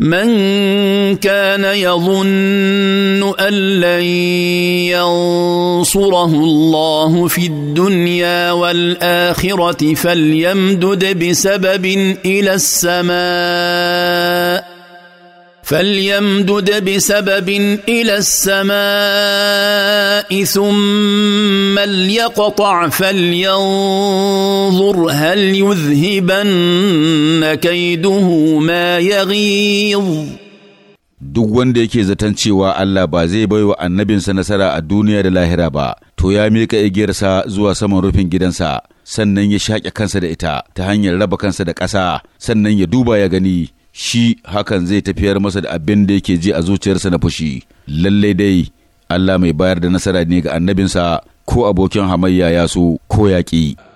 من كان يظن ان لن ينصره الله في الدنيا والاخره فليمدد بسبب الى السماء فليمدد بسبب الى السماء ثم ليقطع فلينظر هل يذهبن كيده ما يغيظ duk wanda yake zaton cewa Allah ba zai baiwa annabinsa nasara a duniya da lahira ba to ya miƙa igiyarsa zuwa saman rufin gidansa sannan ya shaƙe kansa da ita ta hanyar raba kansa da ƙasa sannan ya duba ya gani shi hakan zai tafiyar masa da abin da yake ji a zuciyarsa na fushi lallai dai Allah mai bayar da nasara ne ga annabinsa ko abokin hamayya ya so ko yaƙi.